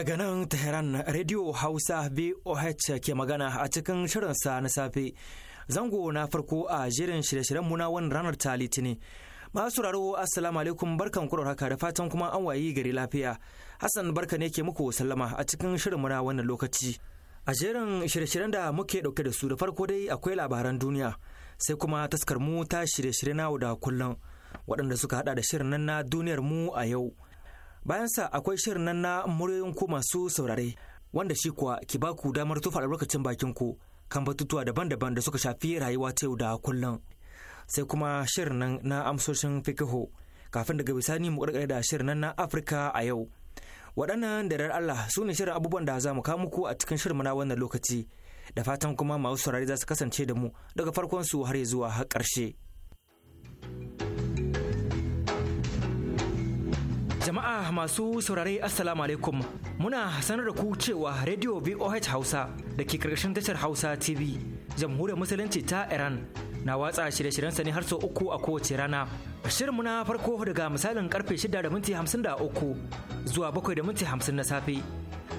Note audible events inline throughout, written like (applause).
Daga nan Tehran Radio Hausa BOH ke magana a cikin shirin sa na safe. Zango na farko a jirin shirye-shiryen muna wani ranar ta litini. Masu raro Assalamu alaikum barkan kurar haka da fatan kuma an wayi gari lafiya. Hassan barka ne ke muku sallama a cikin shirin muna wannan lokaci. A jerin shirye-shiryen da muke dauke da su da farko dai akwai labaran duniya sai kuma taskar mu ta shirye-shirye na da kullum waɗanda suka haɗa da shirin nan na duniyar mu a yau. bayansa akwai shirin nan na muryoyin ku masu saurare wanda shi kuwa ki ba ku damar tufa albarkacin bakin ku kan batutuwa daban-daban da suka shafi rayuwa ta yau da kullum sai kuma shirin nan na amsoshin fikihu kafin daga bisani mu karkare da shirin nan na afirka a yau waɗannan da dar Allah su ne shirin abubuwan da za mu kawo muku a cikin shirin na wannan lokaci da fatan kuma masu saurare za su kasance da mu daga farkon su har zuwa ƙarshe. Jama'a masu saurare Assalamu alaikum muna sanar da ku cewa Radio VOH Hausa da ke karkashin tashar Hausa TV jamhuriyar musulunci ta Iran na watsa shirye-shiryensa ne har sau uku a kowace rana. Shirin muna farko daga misalin karfe 6 da minti 53 zuwa 7 da minti 50 na safe.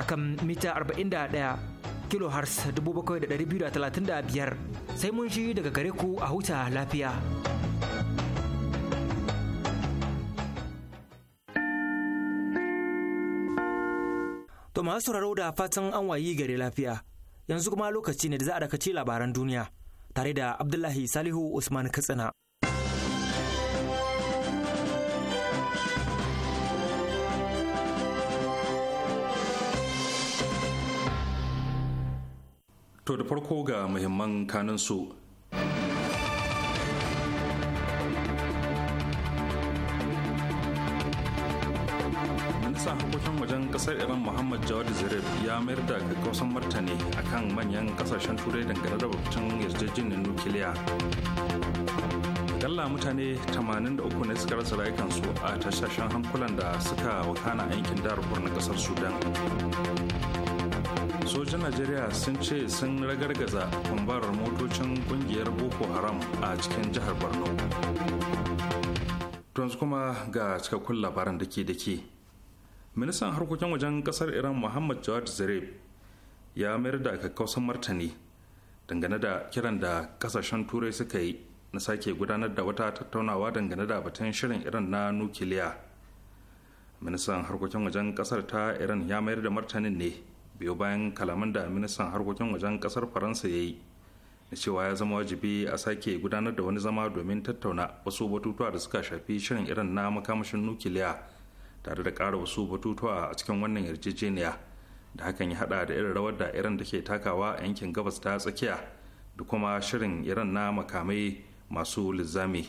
akan mita 41 kilohertz 7,235 sai mun shi daga gare ku a huta lafiya. To masu sauraro da fatan an wayi gare lafiya yanzu kuma lokaci ne da za a dakaci labaran duniya tare da Abdullahi Salihu Usman Katsina. To da farko ga muhimman su Ministan harkokin wajen kasar Iran Muhammad Jawad Zarif ya mayar da gaggausan martani akan manyan kasashen turai dangane da rubutun yarjejeniyar nukiliya. Akalla mutane 83 ne suka rasa rayukansu a tashashen hankulan da suka wakana yankin darfur na kasar Sudan. sojin najeriya sun ce sun ragargaza kwambarar motocin kungiyar boko haram a cikin jihar borno yanzu kuma ga cikakkun labaran da ke da ministan harkokin wajen kasar iran muhammad jawad zareb ya mayar da kakkausan martani dangane da kiran da kasashen turai suka yi na sake gudanar da wata tattaunawa dangane da batun shirin iran na nukiliya ministan harkokin wajen kasar ta iran ya mayar da martanin ne biyo bayan kalaman da ministan harkokin wajen kasar faransa ya yi da cewa ya zama wajibi a sake gudanar da wani zama domin tattauna wasu batutuwa da suka shafi shirin iran na makamashin nukiliya tare da ƙara wasu batutuwa a cikin wannan yarjejeniya da hakan ya haɗa da irin rawar da iran take takawa a yankin gabas ta tsakiya da kuma shirin iran na makamai masu lizami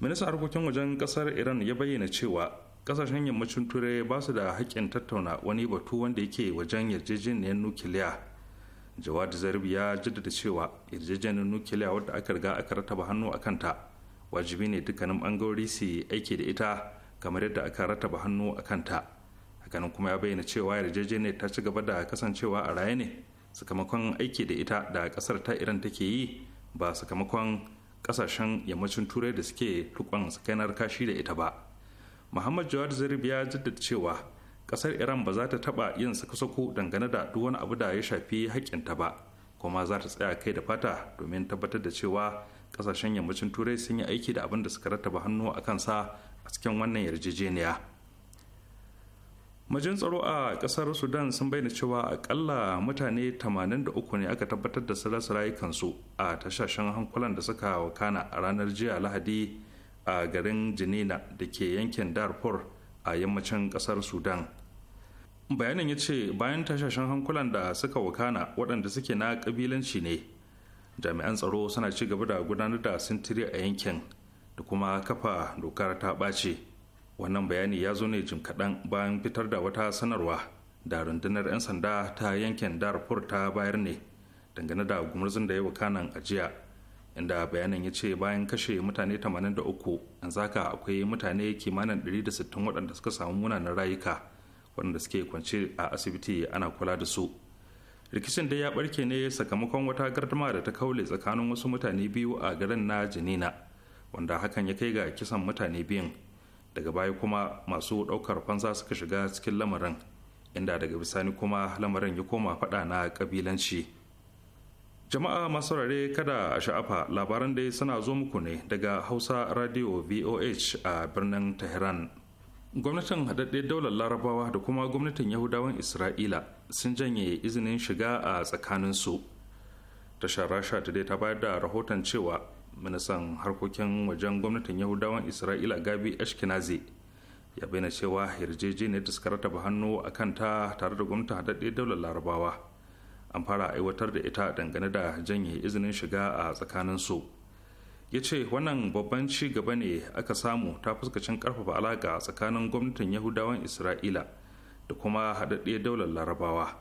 ministan harkokin wajen kasar iran ya bayyana cewa kasashen yammacin turai ba su da haƙƙin tattauna wani batu wanda yake wajen yarjejeniyar nukiliya jawad zarbi ya jaddada cewa yarjejeniyar nukiliya wadda aka riga aka rataba hannu a kanta wajibi ne dukkanin bangarori su yi aiki da ita kamar yadda aka rataba hannu a kanta hakanan kuma ya bayyana cewa yarjejeniyar ta ci gaba da kasancewa a raye ne sakamakon aiki da ita da kasar ta iran take yi ba sakamakon kasashen yammacin turai da suke tukon sakainar kashi da ita ba muhammad jawad zarif ya jaddada cewa kasar iran ba za ta taba yin sako-sako dangane da duk wani abu da ya shafi haƙƙinta ba kuma za ta tsaya kai da fata domin tabbatar da cewa kasashen yammacin turai sun yi aiki da abin da suka rattaba hannu a kansa a cikin wannan yarjejeniya majin tsaro a kasar sudan sun bayyana cewa akalla mutane 83 ne aka tabbatar da su rayukansu a tashashen hankulan da suka wakana a ranar jiya lahadi a garin janina da ke yankin Darfur a yammacin kasar Sudan. Bayanin ya ce bayan tashashen hankulan da suka wakana waɗanda suke na ƙabilanci ne, jami'an tsaro suna ci gaba da gudanar da sintiri a yankin da kuma kafa dokar ta ɓace. Wannan bayani ya zo ne jim kaɗan bayan fitar da wata sanarwa da rundunar 'yan sanda ta yankin Darfur ta bayar ne dangane da gumurzun da ya wakanan ajiya inda bayanin ya ce bayan kashe mutane 83 an zaka akwai mutane kimanin 160 waɗanda suka samu munanan rayuka waɗanda suke kwance a asibiti ana kula da su rikicin dai ya barke ne sakamakon wata gardama da ta kaule tsakanin wasu mutane biyu a garin na janina wanda hakan ya kai ga kisan mutane biyun daga baya kuma masu ɗaukar fansa suka shiga cikin lamarin inda daga bisani kuma lamarin ya koma faɗa na kabilanci. jama'a masu rare kada a sha'afa labaran dai suna zo muku ne daga hausa radio voh a birnin tehran gwamnatin haɗaɗɗe daular larabawa da kuma gwamnatin yahudawan isra'ila sun janye izinin shiga a tsakaninsu tashar rasha ta dai ta bayar da rahoton cewa ministan harkokin wajen gwamnatin yahudawan isra'ila gabi ashkenazi ya bayyana cewa yarjejeniyar da suka rataba hannu a kanta tare da gwamnatin haɗaɗɗe daular larabawa an fara aiwatar da ita dangane da janye izinin shiga a tsakanin su ya ce wannan babban ci gaba ne aka samu ta fuskacin karfafa alaƙa tsakanin gwamnatin yahudawan isra'ila da kuma haɗaɗɗiyar daular larabawa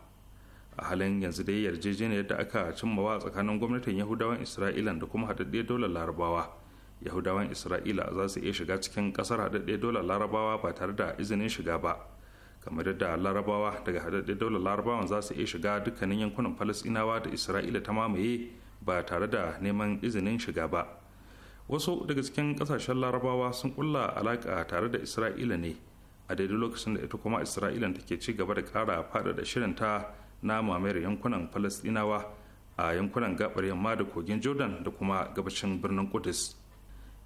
a halin yanzu dai yarjejeniyar da aka cimmawa tsakanin gwamnatin yahudawan isra'ila da kuma haɗaɗɗiyar daular larabawa yahudawan isra'ila za su iya shiga cikin ƙasar haɗaɗɗiyar daular larabawa ba tare da izinin shiga ba kamar yadda larabawa daga haɗaɗɗen daular larabawan za su iya shiga dukkanin yankunan falasɗinawa da isra'ila ta mamaye ba tare da neman izinin shiga ba wasu daga cikin ƙasashen larabawa sun kulla alaƙa tare da isra'ila ne a daidai lokacin da ita kuma isra'ila take ci gaba da ƙara faɗaɗa shirinta na mamayar yankunan falasɗinawa a yankunan gabar yamma da kogin jordan da kuma gabashin birnin kudus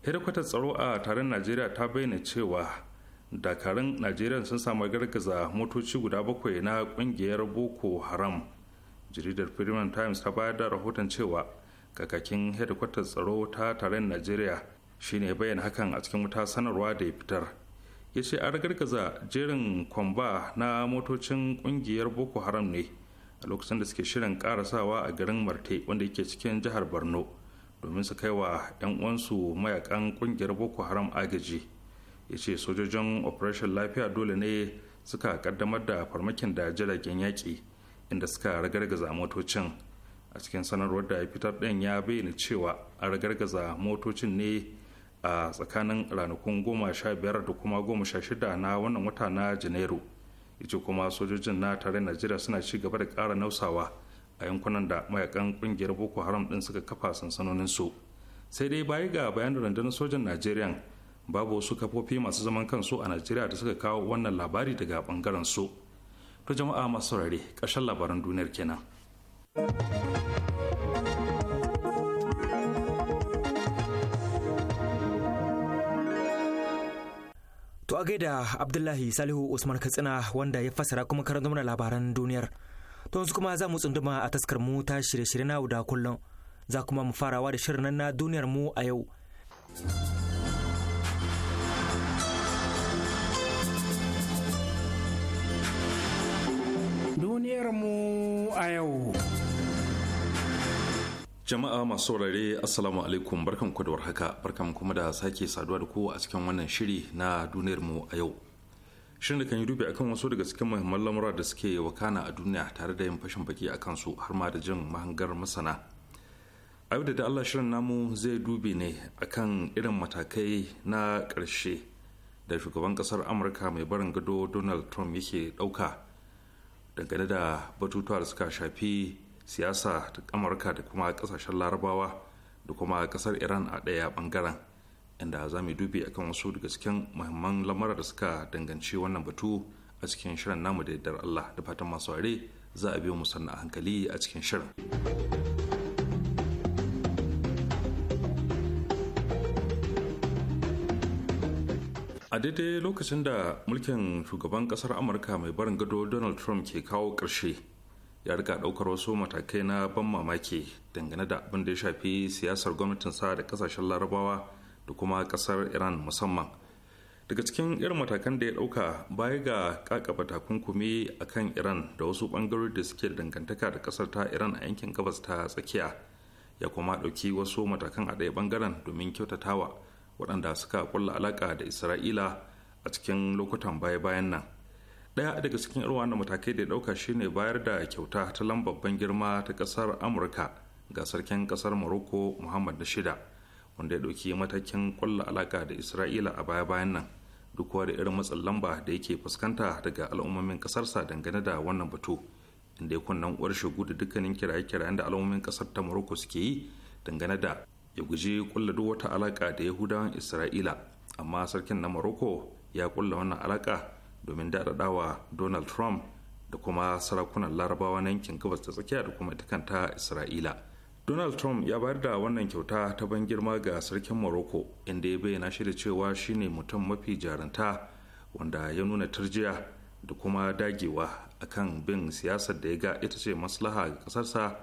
hedikwatar tsaro a taron najeriya ta bayyana cewa dakarun najeriya sun samu gargaza motoci guda bakwai na kungiyar boko haram jaridar premium times ta bayar da rahoton cewa kakakin hedikwatar tsaro ta taron najeriya shine bayan hakan a cikin wuta sanarwa da ya fitar ya ce an gargaza jerin kwamba na motocin kungiyar boko haram ne a lokacin da suke shirin karasawa a garin marte wanda yake cikin jihar borno domin su kai wa 'yan uwansu mayakan kungiyar boko haram agaji ya ce sojojin operation lafiya dole ne suka kaddamar da farmakin da jiragen yaƙi inda suka ragargaza motocin a cikin sanarwar da ya fitar ɗin ya bayyana cewa a ragargaza motocin ne a tsakanin ranakun goma sha biyar da kuma goma sha shida na wannan wata na janairu ce kuma sojojin na tare najeriya suna ci gaba da kara nausawa a yankunan da mayakan ƙungiyar boko haram ɗin suka kafa sansanonin su sai dai baya ga bayan rundunar sojan najeriya babu wasu kafofi masu zaman kansu a najeriya da suka kawo wannan labari daga bangaren su ta jama'a masu saurare ƙarshen labaran duniyar kenan To a gaida Abdullahi Salihu Usman Katsina wanda ya fassara kuma karanta mana labaran duniyar. To yanzu kuma za mu tsunduma a taskar mu ta shirye-shirye na da kullum. Za kuma mu farawa da shirin na duniyar mu a yau. duniyarmu a yau. Jama'a masu saurare Assalamu alaikum barkan ku haka warhaka barkan kuma da sake saduwa da ku a cikin wannan shiri na duniyar mu a yau. Shirin da kan yi dubi akan wasu daga cikin muhimman lamura da suke wakana a duniya tare da yin fashin baki akan su har ma da jin mahangar masana. A da Allah shirin namu zai dubi ne akan irin matakai na karshe da shugaban ƙasar Amurka mai barin gado Donald Trump yake ɗauka dangane da batutuwa da suka shafi siyasa ta amurka da kuma kasashen larabawa da kuma kasar iran a ɗaya bangaren inda za mu dubi akan wasu daga cikin muhimman lamura da suka danganci wannan batu a cikin shirin namu da yardar allah da fatan masu ware za a biyo mu sannan a hankali a cikin shirin a daidai lokacin da mulkin shugaban kasar amurka mai barin gado donald trump ke kawo ƙarshe ya rika ɗaukar wasu matakai na ban mamaki dangane da abin da ya shafi siyasar gwamnatin sa da kasashen larabawa da kuma kasar iran musamman daga cikin irin matakan da ya ɗauka baya ga kakaba takunkumi a kan iran da wasu bangarori da suke dangantaka da kasar ta iran a yankin gabas ta tsakiya ya kuma ɗauki wasu matakan a ɗaya ɓangaren domin kyautatawa waɗanda suka kulla alaƙa da isra'ila a cikin lokutan baya-bayan nan ɗaya daga cikin irin wannan matakai da ɗauka shine bayar da kyauta ta lambabban girma ta ƙasar amurka ga sarkin ƙasar morocco muhammad na shida wanda ya ɗauki matakin kulla alaƙa da isra'ila a baya-bayan nan duk da irin matsin lamba da yake fuskanta daga al'ummomin ƙasarsa dangane da wannan batu inda ya kunnan uwar shigo da dukkanin kiraye-kirayen da al'ummomin ƙasar ta morocco suke yi dangane da ya guji kulla duk wata alaka da yahudawan isra'ila amma sarkin na morocco ya kulla wannan alaƙa domin daɗaɗawa donald trump da kuma sarakunan larabawa na yankin gabas ta tsakiya da kuma ita isra'ila donald trump ya bayar da wannan kyauta ta ban girma ga sarkin morocco inda ya bayyana shi da cewa shine mutum mafi jarunta wanda ya nuna tarjiya da kuma dagewa akan bin siyasar da ya ga ita ce maslaha ga kasarsa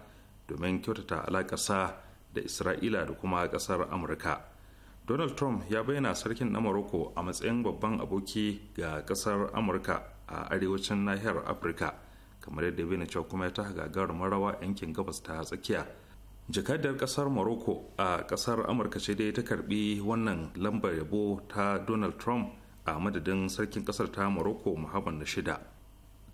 domin kyautata alakarsa da isra'ila da kuma kasar amurka donald trump ya bayyana sarkin na morocco a matsayin babban aboki ga kasar amurka a arewacin nahiyar afirka kamar yadda na cewa kuma ya ta gagarumin marawa yankin gabas ta tsakiya jakadiyar kasar morocco a kasar amurka ce dai ta karbi wannan lambar yabo ta donald trump a madadin sarkin kasar ta morocco muhammad na shida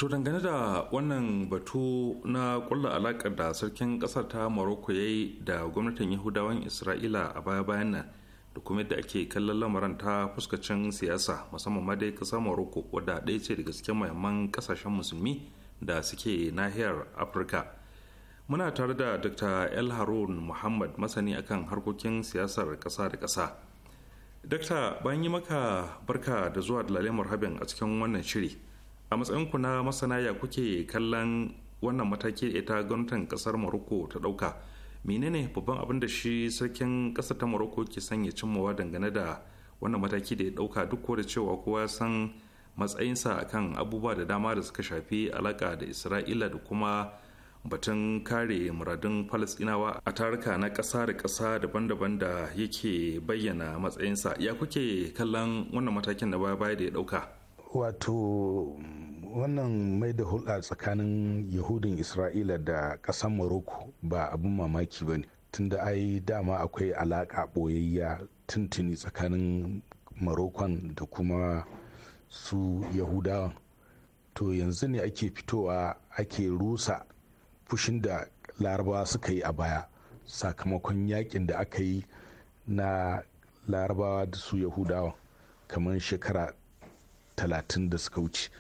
to dangane da wannan batu na kulla alakar da sarkin ƙasar ta morocco ya yi da gwamnatin yahudawan isra'ila a baya bayan nan da kuma yadda ake kallon lamarin ta fuskacin siyasa musamman ma dai ƙasar morocco wadda ɗaya ce daga cikin mahimman ƙasashen musulmi da suke nahiyar afirka muna tare da dr el harun muhammad masani akan harkokin siyasar ƙasa da ƙasa dokta bayan yi maka barka da zuwa da lalemar a cikin wannan shiri a matsayinku na masana ya kuke kallon wannan mataki ita gwamnatin kasar morocco ta dauka menene babban abin da shi sarkin kasar ta morocco ke ya cimmawa dangane da wannan mataki da ya dauka duk da cewa kowa san matsayinsa akan abubuwa da dama da suka shafi alaka da isra'ila da kuma batun kare muradun falasdinawa a taruka na ƙasa da kasa daban-daban da yake bayyana matsayinsa ya kuke kallon wannan matakin da baya-baya da ya ɗauka wato wannan mai da hulɗa tsakanin yahudin isra'ila da ƙasar morocco ba abin mamaki ba ne tunda ai dama akwai alaƙa ɓoyayya tuntuni tsakanin marokon da kuma su yahudawan to yanzu ne ake fitowa ake rusa fushin da larabawa suka yi a baya sakamakon yakin da aka yi na larabawa da su yahudawa kamar shekara talatin da suka wuce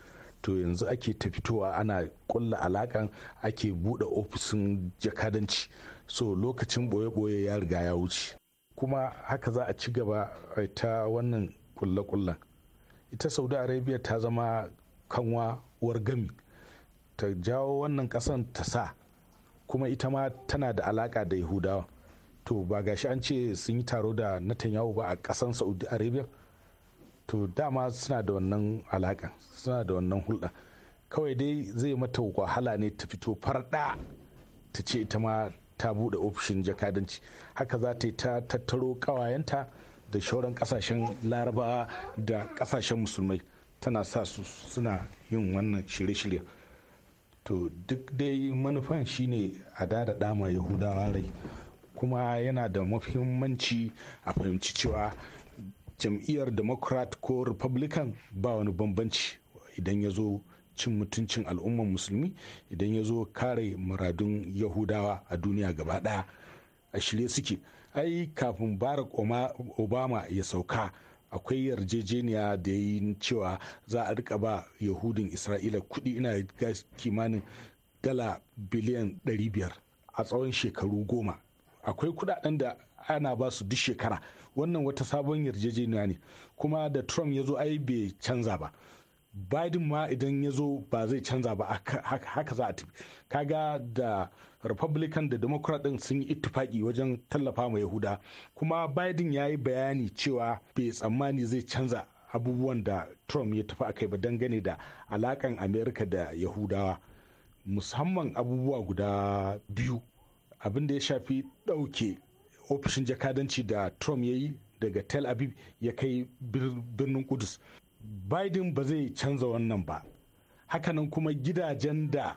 to yanzu ake ta fitowa ana kulla alakan ake buɗe ofisin jakadanci so lokacin boye-boye ya riga ya wuce kuma haka za a ci gaba eh, ta wannan kulle-kullen ita saudi arabia ta zama kanwa uwar gami ta jawo wannan kasan ta sa kuma ita ma tana da alaka da yahudawa to ba gashi an ce sun yi taro da natanyahu ba a kasan saudi arabia to dama suna da wannan alaƙa suna da wannan hulɗa kawai dai zai mata wahala ne ta fito farɗa ta ce ita ma ta buɗe ofishin jakadanci haka za ta yi ta tattaro ƙawayenta da shauran ƙasashen larabawa da ƙasashen musulmai tana sa su suna yin wannan shirye-shirye to duk dai manufan shine a dada dama yahudawa rai kuma yana da muhimmanci a fahimci cewa jam'iyyar democrat ko republican ba wani bambanci idan ya zo cin mutuncin al'umman musulmi idan ya zo kare muradun yahudawa a duniya gaba daya a shirye suke ai kafin barak obama ya sauka akwai yarjejeniya da ya yi cewa za a rika ba yahudin isra'ila kudi ina ga kimanin dala biliyan 500 a tsawon shekaru goma akwai kudaden da ana ba su duk shekara wannan wata sabon yarjejeniya ne kuma da trump ya zo ai bai canza ba biden ma idan ya zo ba zai canza ba haka za a tafi kaga da republican da democrat din sun yi ittifaki wajen tallafa ma yahuda kuma biden ya yi bayani cewa bai tsammani zai canza abubuwan da trump ya tafi akai ba dangane da alakan america da yahudawa musamman abubuwa guda biyu abin da ya shafi ɗauke ofishin jakadanci da trump ya yi daga tel aviv ya kai birnin kudus biden ba zai canza wannan ba hakanan kuma gidajen da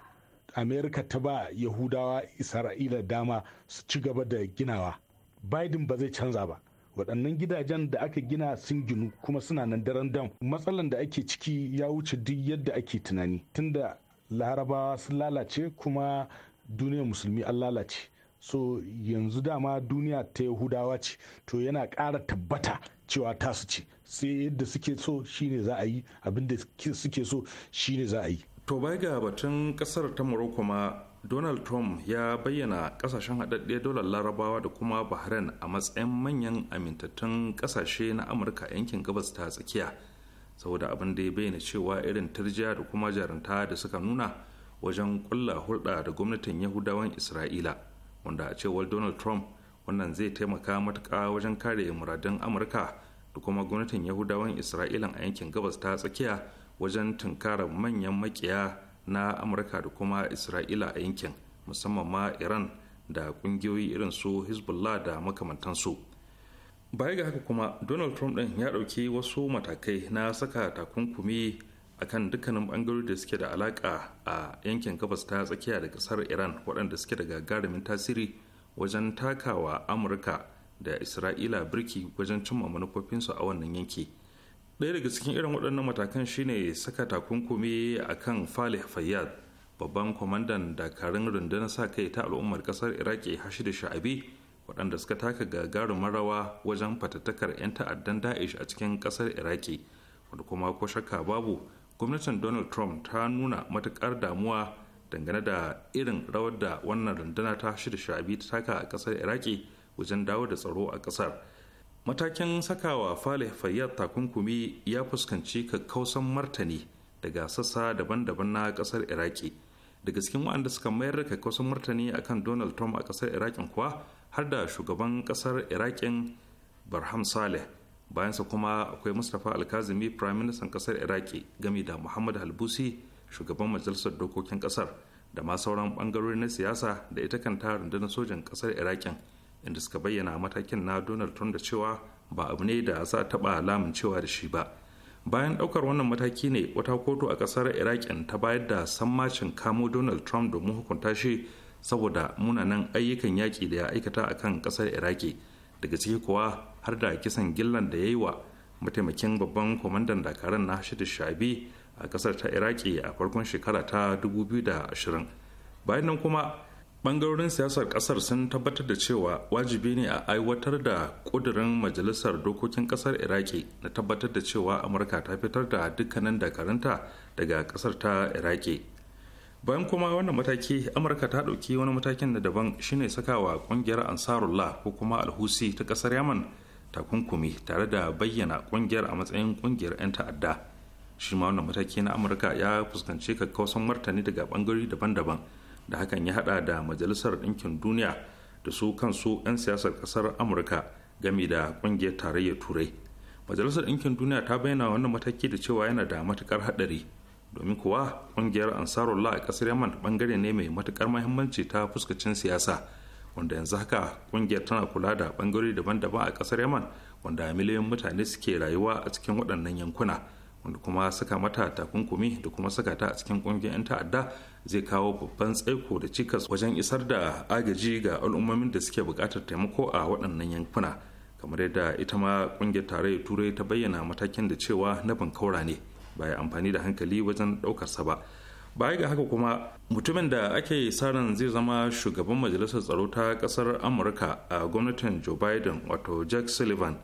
amerika ta ba yahudawa isra'ila dama su ci gaba da ginawa biden ba zai canza ba waɗannan gidajen da aka gina sun ginu kuma suna nan daren dam matsalan da ake ciki ya wuce duk yadda ake tunani tunda larabawa sun lalace kuma duniyar musulmi an lalace so yanzu dama duniya ta yahudawa ce to yana ƙara tabbata cewa tasu ce sai yadda suke so shine za a yi abinda suke so shine za a yi to bai ga batun kasar ta morocco ma donald trump ya bayyana kasashen haɗaɗɗe dolar larabawa da kuma bahrain a matsayin manyan amintattun kasashe na amurka yankin gabas ta tsakiya saboda abin da ya bayyana cewa irin turjiya da kuma jarunta da suka nuna wajen kulla hulɗa da gwamnatin yahudawan isra'ila wanda a cewar donald trump wannan zai taimaka matuka wajen kare muradun amurka da kuma gwamnatin yahudawan isra'ilan a yankin gabas ta tsakiya wajen tunkarar manyan makiya na amurka da kuma isra'ila a yankin musamman ma iran da ƙungiyoyi irin su hezbollah da makamantansu baya ga haka kuma donald trump ɗin ya ɗauki wasu matakai na saka takunkumi akan dukkanin bangarori da suke da alaka a yankin gabas ta tsakiya da kasar iran waɗanda suke da gagarumin tasiri wajen takawa amurka da isra'ila birki wajen cimma manufofinsu a wannan yanki ɗaya daga cikin irin waɗannan matakan shine saka takunkumi a kan falih fayyad babban kwamandan dakarun rundunar sa kai ta al'ummar kasar iraki hashidu sha'abi waɗanda suka taka gagarumin rawa wajen fatattakar 'yan ta'addan da'ish a cikin kasar iraki wanda kuma ko shakka babu gwamnatin donald trump ta nuna matukar damuwa dangane da irin rawar da wannan rundunar ta shirya sha'abi ta taka a ƙasar iraki wajen dawo da tsaro a ƙasar. matakin sakawa fale fayyar takunkumi ya fuskanci kakkausan martani daga sassa daban-daban na ƙasar iraki daga cikin waɗanda suka mayar da kakkausan martani akan donald trump a ƙasar iraki kuwa har da shugaban ƙasar iraki barham saleh bayansa kuma akwai mustapha alkazimi prime minister kasar iraki gami da muhammad halbusi shugaban majalisar dokokin kasar da ma sauran bangarori na siyasa da ita kanta rundunar sojan kasar irakin inda suka bayyana matakin na donald trump da cewa ba abu ne da za a taba alamun cewa da shi ba bayan daukar wannan mataki ne wata kotu a kasar irakin ta bayar da sammacin kamo donald trump domin hukunta shi saboda munanan ayyukan yaƙi da ya aikata a kan kasar iraki daga ciki kuwa har da kisan gillan da ya yi wa mataimakin babban kwamandan dakarun na hashidu shabi a kasar ta iraki a farkon shekara ta 2020 bayan nan kuma bangarorin siyasar kasar sun tabbatar da cewa wajibi ne a aiwatar da kudurin majalisar dokokin kasar iraki na tabbatar da cewa amurka ta fitar da dukkanin dakarunta daga kasar ta iraki bayan kuma wannan mataki amurka ta dauki wani matakin da daban shine sakawa kungiyar ansarullah ko kuma alhusi ta kasar yaman takunkumi tare da bayyana kungiyar a matsayin kungiyar 'yan ta'adda shi ma wannan mataki na amurka ya fuskanci kakkausan martani daga bangare daban-daban da hakan ya hada da majalisar ɗinkin duniya da su kansu 'yan siyasar ƙasar amurka game da ƙungiyar tarayyar turai majalisar ɗinkin duniya ta bayyana wannan mataki da cewa yana da matukar haɗari domin kuwa ƙungiyar ansarullah a ƙasar yaman bangare ne mai matukar muhimmanci ta fuskacin siyasa wanda yanzu haka kungiyar tana kula da bangarori daban-daban a kasar yaman wanda miliyoyin mutane suke rayuwa a cikin waɗannan yankuna wanda kuma saka mata takunkumi da kuma saka ta a cikin kungiyar 'yan ta'adda zai kawo babban tsaiko da cikas wajen isar da agaji ga al'ummomin da suke buƙatar taimako a waɗannan yankuna kamar yadda ita ma kungiyar tarayyar turai ta bayyana matakin da cewa na bankaura ne ba ya amfani da hankali wajen ɗaukarsa ba baya ga haka kuma mutumin da ake saran zai zama shugaban majalisar tsaro ta kasar amurka a gwamnatin joe biden wato jack sullivan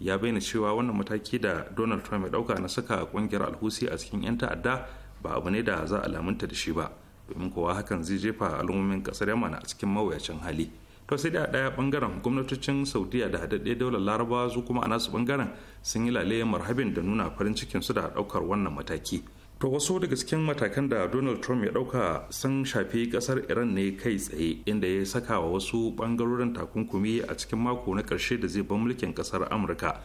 ya bayyana cewa wannan mataki da donald trump ya dauka na saka kungiyar alhusi a cikin 'yan ta'adda ba abu ne da za a lamunta da shi ba domin kowa hakan zai jefa al'ummomin kasar yamma a cikin mawuyacin hali to sai da daya bangaren gwamnatocin saudiya da haɗaɗɗe daular larabawa su kuma a nasu bangaren sun yi lalayen marhabin da nuna farin cikin su da ɗaukar wannan mataki To wasu daga cikin matakan da Donald Trump ya dauka sun shafi kasar Iran ne kai tsaye inda ya saka wa wasu bangarorin takunkumi a cikin mako na karshe da zai ban mulkin kasar Amurka.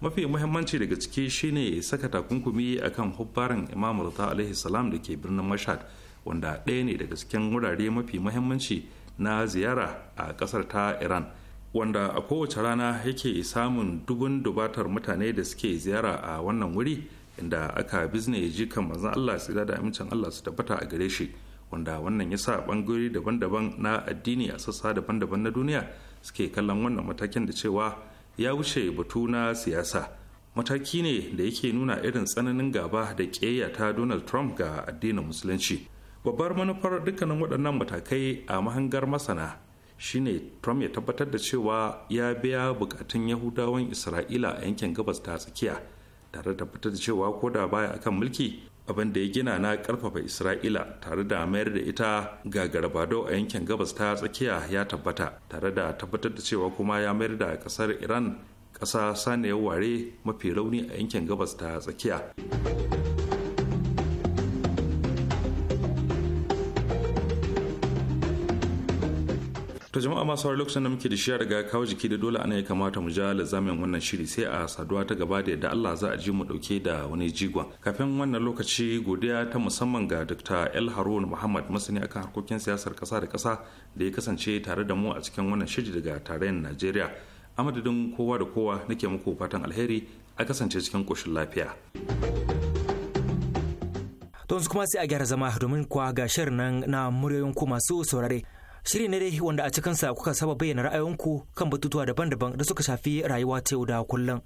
Mafi muhimmanci daga ciki shine saka takunkumi akan hubbaran Imam Rata alaihi salam da ke birnin mashad wanda ɗaya ne daga cikin wurare mafi muhimmanci na ziyara a kasar ta Iran. Wanda a kowace rana yake samun dubun dubatar mutane da suke ziyara a wannan wuri inda aka bizne kan manzon Allah tsira da amincin Allah su tabbata a gare shi wanda wannan ya sa bangarori daban-daban na addini a sassa daban-daban na duniya suke kallon wannan matakin da cewa ya wuce batu na siyasa mataki ne da yake nuna irin tsananin gaba da ƙeya ta donald trump ga addinin musulunci babbar manufar dukkanin waɗannan matakai a mahangar masana shine trump ya tabbatar da cewa ya biya bukatun yahudawan isra'ila a yankin gabas ta tsakiya tare da fitar da cewa ko da baya akan mulki abin da ya gina na karfafa isra'ila tare da mayar da ita ga garbado a yankin gabas ta tsakiya ya tabbata tare da tabbatar da cewa kuma ya mayar da kasar iran ƙasa saniyar ware mafi rauni a yankin gabas ta tsakiya to jama'a masu wani lokacin da muke da shiyar daga kawo jiki da dole ana ya kamata mu ja lazamin wannan shiri sai a saduwa ta gaba da yadda Allah za a ji mu dauke da wani jigon kafin wannan lokaci godiya ta musamman ga Dr. El Harun Muhammad masani akan harkokin siyasar kasa da kasa da ya kasance tare da mu a cikin wannan shiri daga tarayyar Najeriya a madadin kowa da kowa nake muku fatan alheri a kasance cikin koshin lafiya. To kuma sai a gyara zama domin kwa ga shirin nan na muryoyin ku masu saurare. Shiri ne dai wanda a cikinsa kuka saba bayyana ra'ayoyinku kan batutuwa daban-daban da suka shafi rayuwa ta yau da kullum.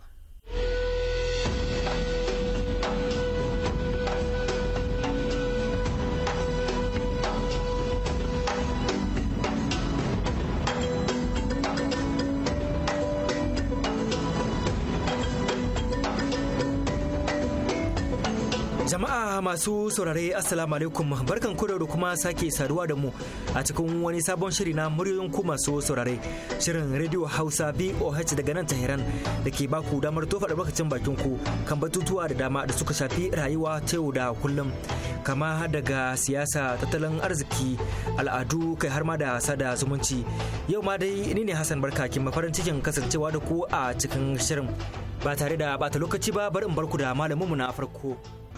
masu saurare assalamu alaikum barkan ku da kuma sake saduwa da mu a cikin wani sabon shiri na muryoyin ku masu saurare shirin radio hausa boh daga nan tahiran da ke baku damar tofa da lokacin bakin ku kan batutuwa da dama da suka shafi rayuwa ta yau da kullum kama daga siyasa tattalin arziki al'adu kai har ma da sada zumunci yau ma dai ni ne hassan barka kin mafarin cikin kasancewa da ku a cikin shirin ba tare da bata lokaci ba bari in barku da malaminmu na farko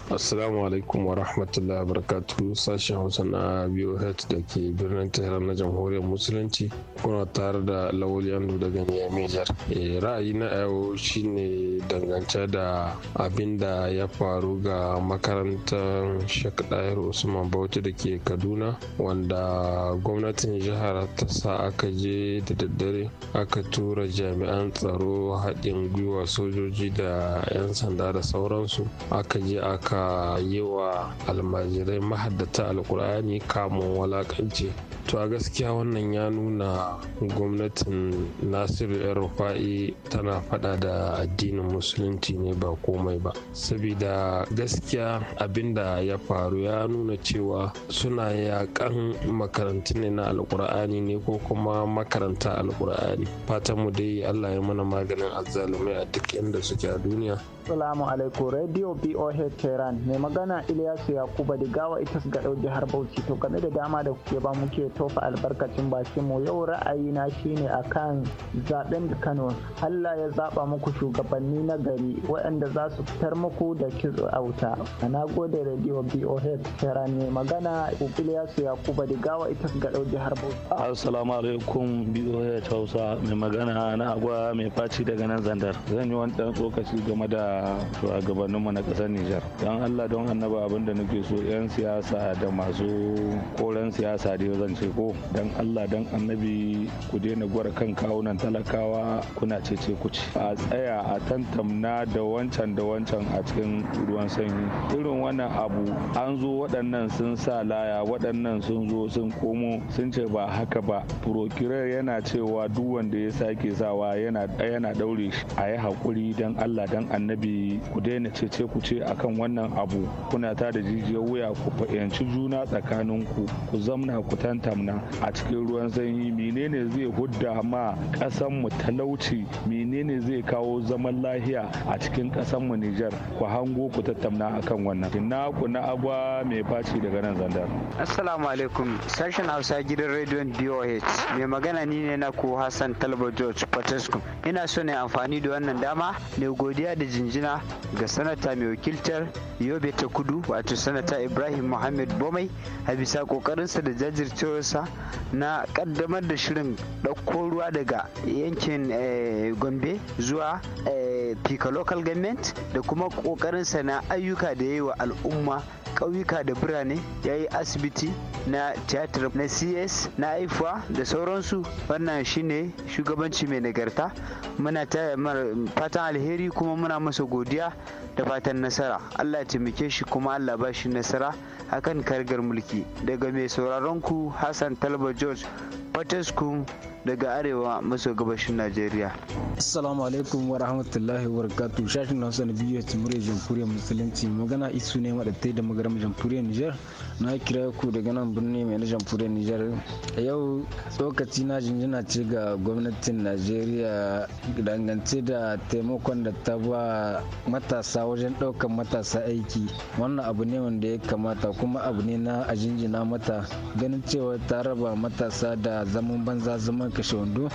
Assalamu alaikum wa rahmatullahi wa barakatuhu sashen Hausa na BOH da ke birnin Tehran na Jamhuriyar Musulunci kuna tare da Lawali Andu daga Nijar. Eh, ra'ayi na yau shine dangance da abin da ya faru ga makarantar Sheikh Usman Bauchi da ke Kaduna wanda gwamnatin jihar ta sa aka je da daddare aka tura jami'an tsaro haɗin gwiwa sojoji da 'yan sanda da sauransu aka je aka aka yi wa almajirai mahaddata alkur'ani kamun walakanci to a gaskiya wannan ya nuna gwamnatin nasiru yan rufa'i tana fada da addinin musulunci ne ba komai ba saboda gaskiya abinda ya faru ya nuna cewa suna yakan makarantu ne na alkur'ani ne ko kuma makaranta alkur'ani fatanmu dai allah ya mana maganin azzalumai a duk inda suke a duniya Assalamu alaikum Radio BOH Tehran mai magana Ilyasu Yakuba Digawa ita su gaɗau jihar Bauchi to game da dama da kuke ba muke tofa albarkacin bakin mu yau ra'ayi na shine akan zaben Kano Allah ya zaba muku shugabanni na gari waɗanda za su fitar muku da kitso a wuta. Na gode Radio BOH Tehran mai magana Ilyasu Yakuba Digawa ita su gaɗau jihar Bauchi. Assalamu alaikum BOH Hausa mai magana na agwa mai faci daga nan Zandar. Zan yi wani ɗan tsokaci game da shugabanninmu na ƙasar Nijar. Don Allah don annaba abin da nake so 'yan siyasa da masu koren siyasa da zan ce ko don Allah don annabi ku daina gwara kan kawunan talakawa kuna ce ku ci. A tsaya a tantamna da wancan da wancan a cikin ruwan sanyi. Irin wannan abu an zo waɗannan sun sa laya waɗannan sun zo sun komo sun ce ba haka ba. Prokirar yana cewa duk wanda ya sake sawa yana ɗaure shi a yi haƙuri don Allah don annabi ku daina cece ku ce akan wannan abu kuna ta da jijiyar wuya ku fahimci juna tsakanin ku ku zamna ku tantamna a cikin ruwan sanyi menene zai hudda ma kasan mu talauci menene zai kawo zaman lahiya a cikin kasan mu Nijar ku hango ku tattauna akan wannan ina ku na agwa mai faci daga nan zandar assalamu alaikum sashen Hausa gidan rediyon BOH mai magana ni ne na ku Hassan Talba George Patescu ina so ne amfani da wannan dama ne godiya da jin jinjina ga sanata mai wakiltar yobe ta kudu wato sanata ibrahim mohammed bomai a bisa kokarinsa da jajircewarsa na kaddamar da shirin ɗauko ruwa daga yankin eh, gombe zuwa eh, pika local government da kuma kokarinsa na ayyuka da yi wa al'umma ƙauyuka da birane ya yi asibiti na tiyatar na cs na ifa da sauransu wannan shine shugabanci mai nagarta muna ta fatan alheri kuma muna masa godiya da fatan nasara allah taimake shi kuma allah ba shi nasara akan kargar mulki daga mai sauraron ku hassan talba george Fataskum daga arewa maso gabashin Najeriya. Assalamu alaikum wa rahmatullahi wa barakatuh. Shashin Hausa na biyu ta murya jamhuriyar musulunci magana isu ne madattai da magaram jamhuriyar Nijar na kira ku daga nan birni mai na jamhuriyar Nijar. A yau tsokaci na jinjina ce ga gwamnatin Najeriya dangance da taimakon da ta ba matasa wajen ɗaukar matasa aiki. Wannan abu ne wanda ya kamata kuma abu ne na a jinjina mata ganin cewa ta raba matasa da zaman banza zaman kashe wando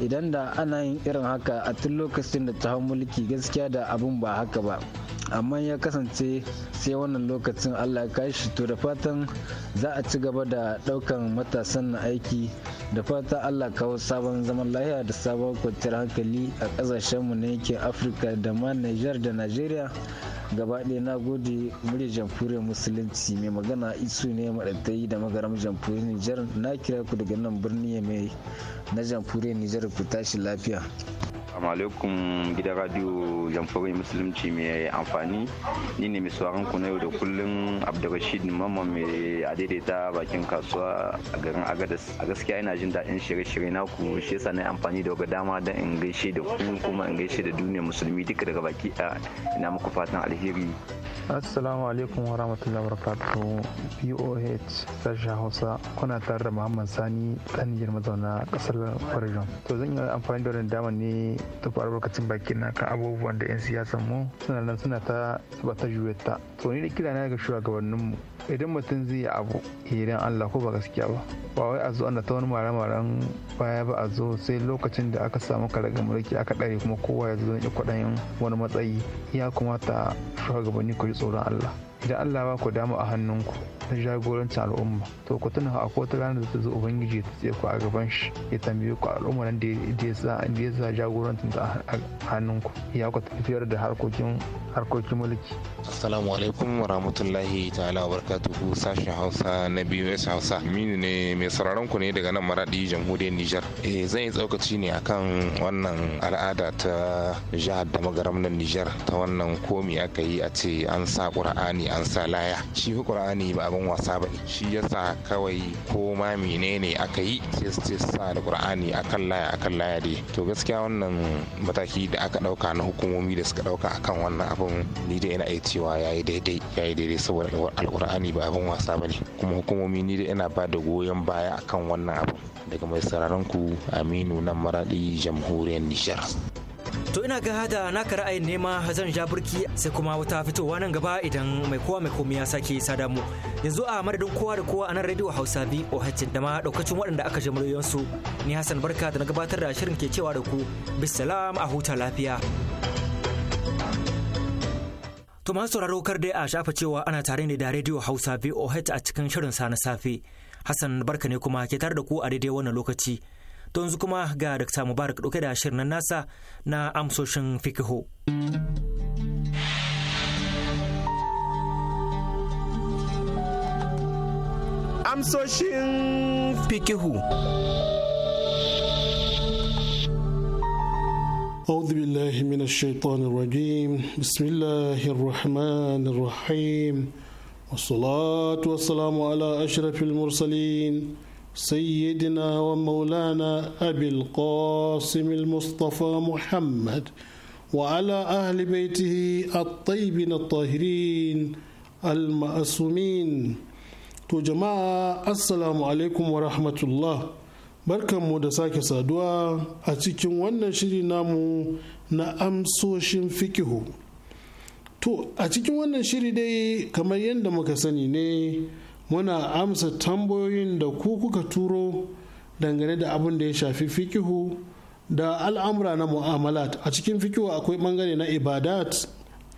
idan da ana yin irin haka a tun lokacin da ta hau mulki gaskiya da abun ba haka ba amma ya kasance sai wannan lokacin allah ya shi to da fatan za a ci gaba da daukan matasan na aiki da fatan allah kawo sabon zaman lahiya da sabon kwanciyar hankali a kasashenmu na yankin afirka da ma niger da nigeria gaba ɗaya na gode murya jamhuriyar musulunci mai magana isu ne maɗaɗai da magaram jamhuriyar nijar na kira ku daga nan birni mai na jamhuriyar nijar ku tashi lafiya Assalamu alaikum gidan radio fure musulunci mai amfani ni ne mai sauran ku yau da kullum Abdulrashid Mamman mai adaidaita bakin kasuwa a garin Agadas a gaskiya ina jin daɗin shirye-shirye naku shi yasa na amfani da wata dama don in gaishe da ku kuma in gaishe da duniyar musulmi duka daga baki a ina muku fatan alheri Assalamu alaikum wa rahmatullahi wa barakatuhu boh sasha Hausa kuna tare da Muhammad Sani ɗan mazauna kasar Oregon to zan yi amfani da wannan dama ne ta faru lokacin baki na kan abubuwan da 'yan siyasan mu suna nan suna ta bata juwetta to ni da kira na ga shugabannin mu idan mutum zai yi abu idan Allah ko ba gaskiya ba ba wai a zo ana ta wani mare-maren baya ba a zo sai lokacin da aka samu ga mulki aka ɗare kuma kowa ya zo ne kwaɗayin wani matsayi ya kamata shugabanni ku ji tsoron Allah idan Allah ba ku damu a hannunku na jagorancin al'umma to ku tuna a kotu ranar da ta zo ubangiji ta tsaye ku a gaban shi ya tambaye ku al'umma nan da ya sa jagorancin ta a hannunku ya ku tafiyar da harkokin harkokin mulki. Assalamu alaikum wa rahmatullahi ta'ala wa barakatuhu sashen Hausa na BOS Hausa. min ne mai sauraron ku ne daga nan maradi jamhuriyar Nijar. Eh zan yi tsaukaci ne akan wannan al'ada ta jihar da magaram na Nijar ta wannan komi aka yi a ce an sa Qur'ani an sa laya shi fi qur'ani ba abin wasa ba ne shi yasa kawai ko ma menene aka yi sai su sa da qur'ani akan laya akan laya dai to gaskiya wannan mataki da aka ɗauka na hukumomi da suka dauka akan wannan abin ni dai ina iya cewa yayi daidai yayi daidai saboda alqur'ani ba abin wasa ba ne kuma hukumomi ni dai ina ba da goyon baya akan wannan abin daga mai sararin ku aminu nan maraɗi jamhuriyar nijar To ina ga hada naka ra'ayin nema zan ja burki sai kuma wata fitowa nan gaba idan mai kowa mai komai ya sake sada mu. Yanzu a madadin kowa da kowa a nan Radio Hausa bi hacin da ma daukacin waɗanda aka ji muryoyinsu. Ni Hassan Barka da na gabatar da shirin ke cewa da ku bisalam a huta lafiya. To masu sauraro kar dai a shafa cewa ana tare ne da Radio Hausa VOH a cikin shirin sa na safe. Hassan Barka ne kuma ke tare da ku a daidai wannan lokaci. to yanzu kuma ga Dr. Mubarak ɗauke da shirin nasa na amsoshin fikihu. Amsoshin fikihu. أعوذ بالله من الشيطان الرجيم بسم الله الرحمن الرحيم والصلاة والسلام على أشرف المرسلين سيدنا ومولانا أبي القاسم المصطفى محمد وعلى أهل بيته الطيبين الطاهرين المأسومين to jama'a assalamu alaikum wa rahmatullah barkanmu da sake saduwa a cikin wannan shiri namu na amsoshin fikihu to a cikin wannan shiri dai kamar yadda muka sani ne muna amsa tambayoyin da ku kuka turo dangane da abin da ya shafi fikihu da al'amura na mu'amalat a cikin fikihu akwai bangare na ibadat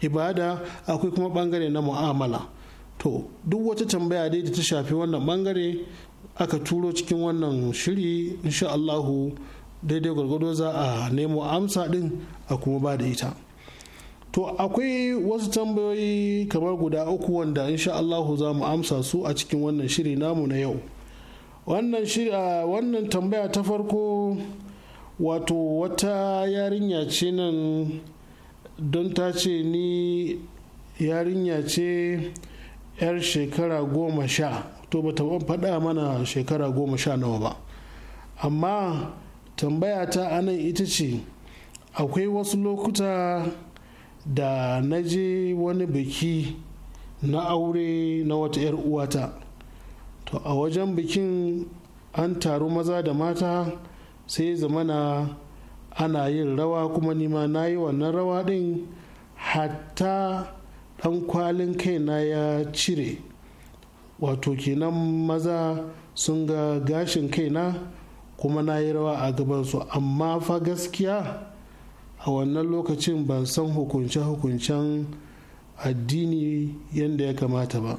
ibada akwai kuma bangare na mu'amala to duk wata tambaya dai da ta shafi wannan bangare aka turo cikin wannan shiri inshaAllahu, daidai gwargwado za a nemo amsa din a kuma ba da ita to akwai wasu tambayoyi kamar guda uku wanda insha Allahu za mu amsa su a cikin wannan shiri namu na yau wannan wannan tambaya ta farko wato wata yarinya ce nan don ta ce ni yarinya ce 'yar shekara goma sha to ba ta faɗa mana shekara goma sha nawa ba amma tambaya ta anan ita ce akwai wasu lokuta da na je wani biki na aure na wata 'yar uwata to a wajen bikin an taru maza da mata sai zamana ana yin rawa kuma nima na yi wannan rawa din hatta dan kwalin kaina ya cire wato kenan maza sun ga gashin kaina kuma na yi rawa a gabansu amma fa gaskiya a wannan lokacin ban san hukunce-hukuncen addini yadda ya kamata ba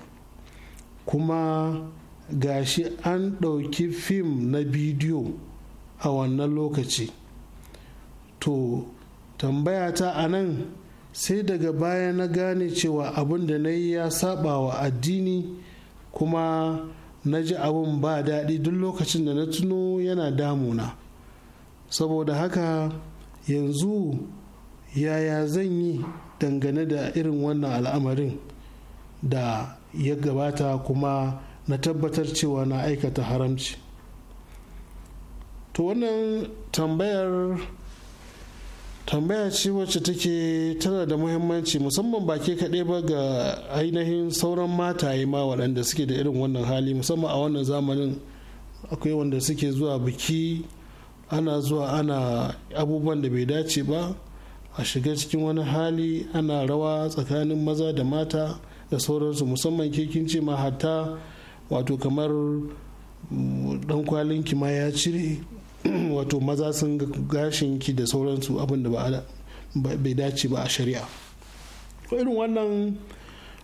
kuma gashi an ɗauki fim na bidiyo a wannan lokaci to tambaya ta a nan sai daga baya na gane cewa abin da na yi ya saba wa addini kuma na ji abin ba daɗi duk lokacin da na tuno yana damuna saboda haka yanzu yaya zan yi dangane da irin wannan al'amarin da ya gabata kuma na tabbatar cewa na aikata haramci to wannan tambayar tambaya ce wacce take tana da muhimmanci musamman ba ke kaɗai ba ga ainihin sauran mataye ma waɗanda suke da irin wannan hali musamman a wannan zamanin akwai wanda suke zuwa biki ana zuwa ana abubuwan da bai dace ba a shiga cikin wani hali ana rawa tsakanin maza da mata da sauransu musamman kekin ce ma hatta wato kamar mm, dan kwalin ki ma ya cire (clears throat) wato maza sun gashin ki da sauransu abin da bai dace ba a shari'a irin wannan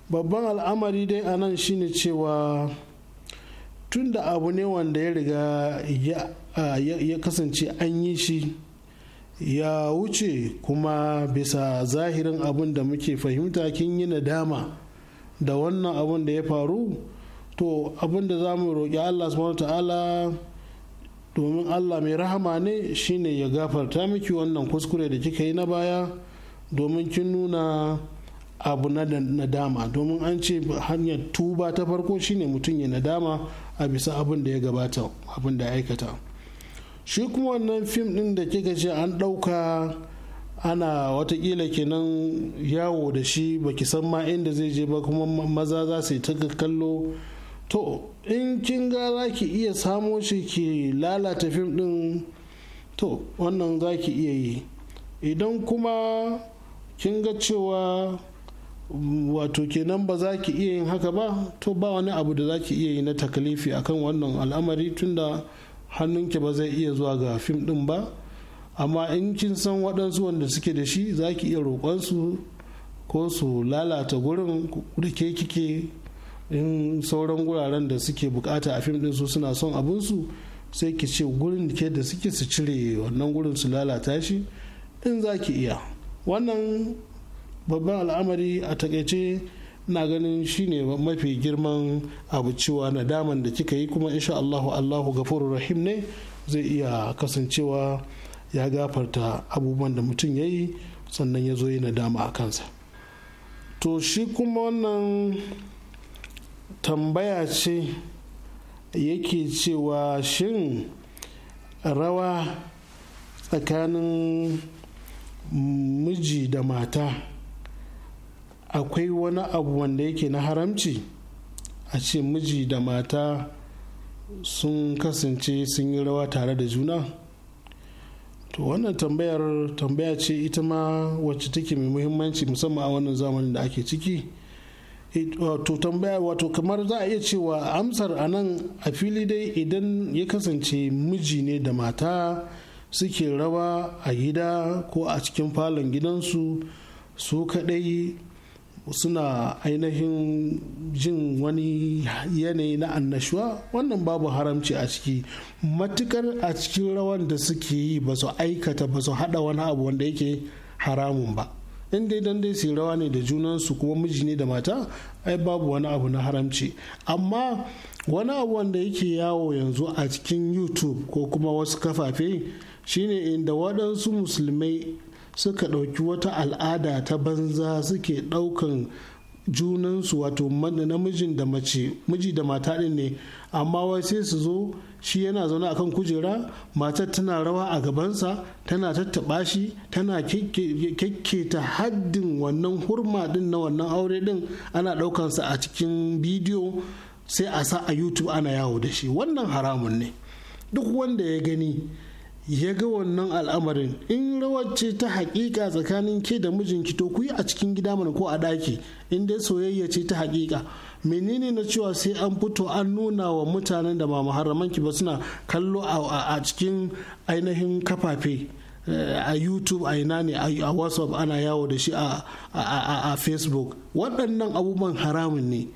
babban al'amari dai a nan shine cewa tun da abu ne wanda ya riga ya ya kasance an yi shi ya wuce kuma bisa zahirin abin da muke fahimta kin yi nadama da wannan abin da ya faru to abin da za mu roƙi allah subhanahu ta'ala domin allah mai rahama ne shine ya gafarta miki wannan kuskure da kika yi na baya domin kin nuna abu na nadama domin an ce hanyar tuba ta farko shine mutum ya nadama a bisa abin da ya gabata abin da ya aikata shi kuma wannan fim din da kika ce an ɗauka ana watakila kenan yawo da shi baki san ma inda zai je ba kuma maza za su yi ta kallo to in kin ga za ki iya samo shi ki lalata fim din to wannan za ki iya yi idan kuma kin ga cewa wato kenan ba za ki iya yin haka ba to ba wani abu da za ki iya yi na takalifi akan wannan al'amari tunda hannunki ba zai iya zuwa ga fim din ba amma in kin san waɗansu wanda suke da shi za ki iya roƙonsu ko su lalata gurin da ke kike in sauran guraren da suke bukata a fim din su suna son su sai ki ce gurin ke da suke su cire wannan gurin su lalata shi in za ki iya wannan babban al'amari a takaice na ganin shi ne mafi girman abu cewa nadaman da kika yi kuma insha Allahu Allahu gafuru rahim ne zai iya kasancewa ya gafarta abubuwan da mutum ya yi sannan ya zo yi dama a kansa to shi kuma wannan tambaya ce yake cewa shin rawa tsakanin miji da mata akwai wani abu wanda yake na haramci a ce miji da mata sun kasance sun yi rawa tare da juna to wannan tambayar tambaya ce ita ma wacce take mai muhimmanci musamman a wannan zamanin da ake ciki eh, to tambaya wato kamar za a iya cewa amsar a nan a fili dai idan ya kasance miji ne da mata suke rawa a gida ko a cikin falon gidansu su kaɗai suna ainihin jin wani yanayi na annashuwa wannan babu haramci a ciki matukar a cikin rawan da suke yi ba su aikata ba su hada wani abu wanda yake haramun ba in dai dan dai su rawa ne da junansu kuma miji ne da mata ai babu wani abu na haramci amma wani abu wanda yake yawo yanzu a cikin youtube ko kuma wasu kafafe shine inda waɗansu musulmai suka ɗauki wata al'ada ta banza suke ɗaukan junansu wato namijin da mace miji da mata ɗin ne amma wai sai su zo shi yana zaune akan kujera matar tana rawa a gabansa tana tattaɓa shi tana ta haddin wannan hurma ɗin na wannan aure ɗin ana ɗaukansa a cikin bidiyo sai a sa a youtube ana yawo da shi wannan haramun ne duk wanda ya gani ya ga wannan al'amarin in rawar ta hakika tsakanin ke da mijinki to ku yi a cikin gida mana ko a ɗaki in dai soyayya ce ta hakika menene na cewa sai an fito an nuna wa mutanen da ba muharramanki ba suna kallo a cikin ainihin kafafe eh, a youtube a ina ne a whatsapp ana yawo da shi a facebook waɗannan abubuwan haramun ne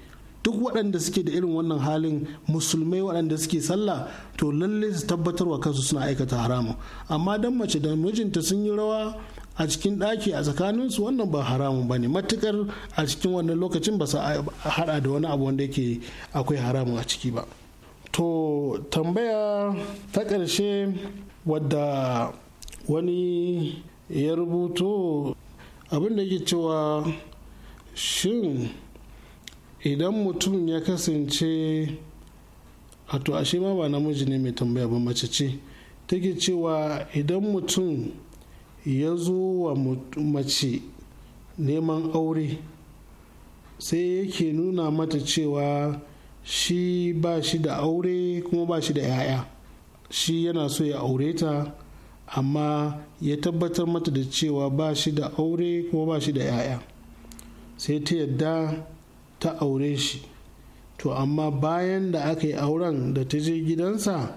duk waɗanda suke da irin wannan halin musulmai waɗanda suke sallah to lallai su tabbatar wa kansu suna aikata haramun amma dan mace da mijinta sun yi rawa a cikin ɗaki a tsakaninsu wannan ba haramun ba ne matukar a cikin wannan lokacin ba su haɗa da wani abu wanda yake akwai haramun a ciki ba to tambaya ta ƙarshe wadda wani ya rubuto abin da yake cewa shin idan mutum ya kasance a ashe ma ba namiji ne mai tambaya ba mace ce take cewa idan mutum ya zo wa mace neman aure sai yake nuna mata cewa shi ba shi da aure kuma ba shi da 'ya'ya shi yana so ya aure ta amma ya tabbatar mata da cewa ba shi da aure kuma ba shi da 'ya'ya sai ta yadda ta aure shi to amma bayan da aka yi auren da ta je gidansa